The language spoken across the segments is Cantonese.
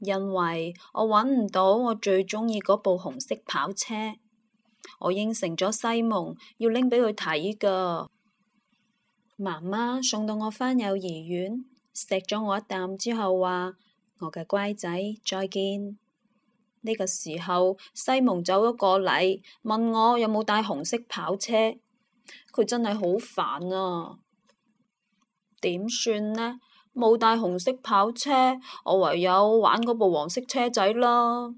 因為我揾唔到我最鍾意嗰部紅色跑車，我應承咗西蒙要拎俾佢睇噶。媽媽送到我返幼兒園，錫咗我一啖之後話：我嘅乖仔再見。呢個時候，西蒙走咗過嚟問我有冇帶紅色跑車，佢真係好煩啊！點算呢？冇帶紅色跑車，我唯有玩嗰部黃色車仔啦。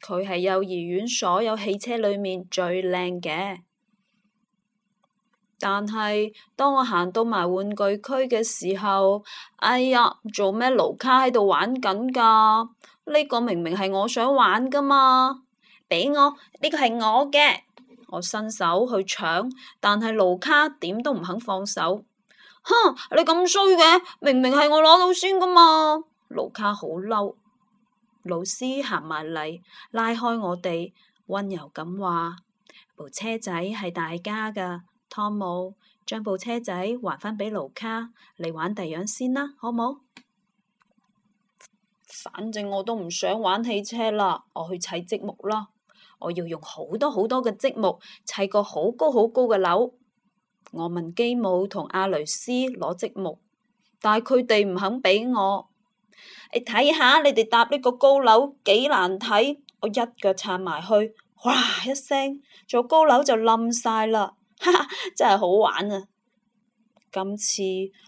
佢係幼兒園所有汽車裏面最靚嘅，但係當我行到埋玩具區嘅時候，哎呀，做咩盧卡喺度玩緊噶？呢個明明係我想玩噶嘛，俾我呢個係我嘅，我伸手去搶，但係盧卡點都唔肯放手。哼！你咁衰嘅，明明係我攞到先噶嘛！盧卡好嬲，老師行埋嚟拉開我哋，溫柔咁話：部車仔係大家噶，湯姆將部車仔還返俾盧卡，你玩第樣先啦，好冇？反正我都唔想玩汽車啦，我去砌積木啦！我要用好多好多嘅積木砌個好高好高嘅樓。我問基姆同阿雷斯攞積木，但係佢哋唔肯俾我。欸、看看你睇下，你哋搭呢個高樓幾難睇，我一腳撐埋去，嘩一聲，座高樓就冧晒啦！哈哈，真係好玩啊！今次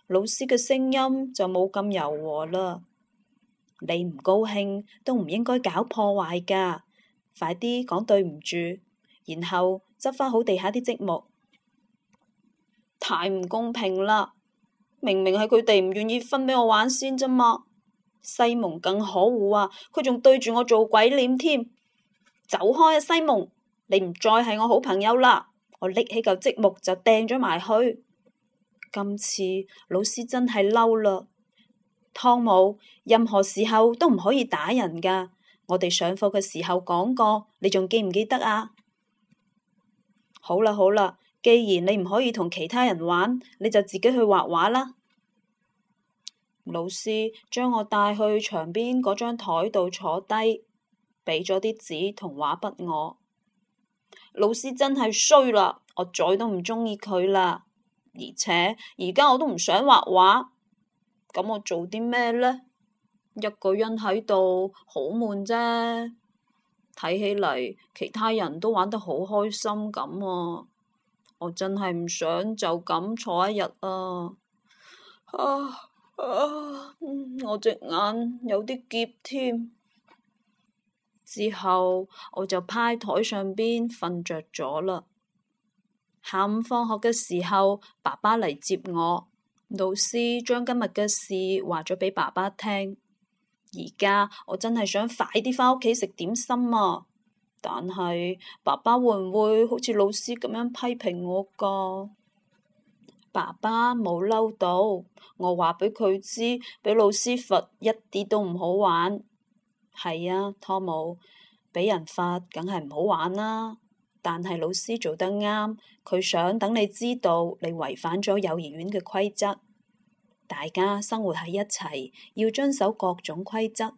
老師嘅聲音就冇咁柔和啦。你唔高興都唔應該搞破壞噶，快啲講對唔住，然後執翻好地下啲積木。太唔公平啦！明明係佢哋唔願意分俾我玩先啫嘛。西蒙更可惡啊，佢仲對住我做鬼臉添。走開啊，西蒙！你唔再係我好朋友啦！我拎起嚿積木就掟咗埋去。今次老師真係嬲啦。湯姆，任何時候都唔可以打人噶。我哋上課嘅時候講過，你仲記唔記得啊？好啦，好啦。既然你唔可以同其他人玩，你就自己去畫畫啦。老師將我帶去牆邊嗰張台度坐低，俾咗啲紙同畫筆我。老師真係衰啦，我再都唔中意佢啦。而且而家我都唔想畫畫，咁我做啲咩呢？一個人喺度好悶啫，睇起嚟其他人都玩得好開心咁啊！我真係唔想就咁坐一日啊，啊，啊！我隻眼有啲澀添。之後我就趴喺台上邊瞓着咗啦。下午放學嘅時候，爸爸嚟接我。老師將今日嘅事話咗畀爸爸聽。而家我真係想快啲返屋企食點心啊！但係，爸爸會唔會好似老師咁樣批評我噶？爸爸冇嬲到，我話俾佢知，俾老師罰一啲都唔好玩。係啊，湯姆，俾人罰梗係唔好玩啦。但係老師做得啱，佢想等你知道你違反咗幼兒園嘅規則。大家生活喺一齊，要遵守各種規則。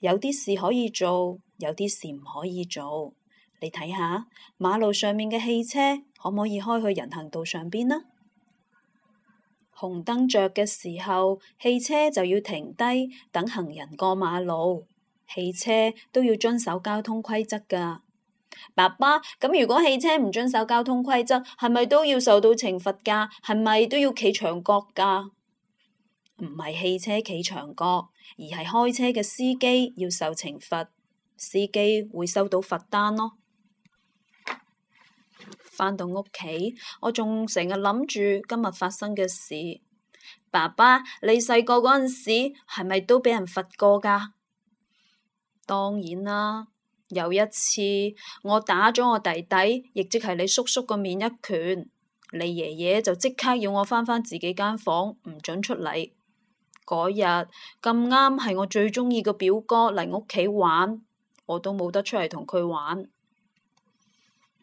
有啲事可以做，有啲事唔可以做。你睇下馬路上面嘅汽車可唔可以開去人行道上邊呢？紅燈着嘅時候，汽車就要停低等行人過馬路。汽車都要遵守交通規則噶。爸爸，咁如果汽車唔遵守交通規則，係咪都要受到懲罰噶？係咪都要企牆角噶？.唔係汽車企牆角，而係開車嘅司機要受懲罰，司機會收到罰單咯。返到屋企，我仲成日諗住今日發生嘅事。爸爸，你細個嗰陣時係咪都俾人罰過噶？當然啦，有一次我打咗我弟弟，亦即係你叔叔個面一拳，你爺爺就即刻要我返返自己間房，唔准出嚟。嗰日咁啱係我最鍾意嘅表哥嚟屋企玩，我都冇得出嚟同佢玩。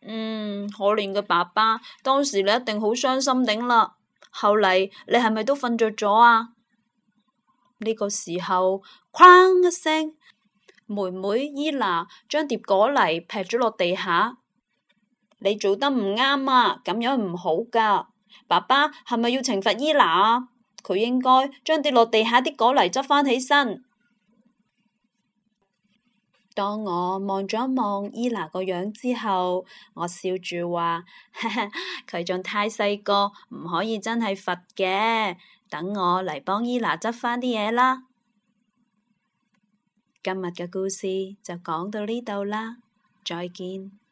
嗯，可憐嘅爸爸，當時你一定好傷心頂啦。後嚟你係咪都瞓着咗啊？呢個時候，哐一聲，妹妹伊娜將碟果泥劈咗落地下。你做得唔啱啊，咁樣唔好噶。爸爸，係咪要懲罰伊娜啊？佢應該將跌落地下啲果泥執返起身。當我望咗望伊娜個樣之後，我笑住話：佢 仲太細個，唔可以真係罰嘅。等我嚟幫伊娜執返啲嘢啦。今日嘅故事就講到呢度啦，再見。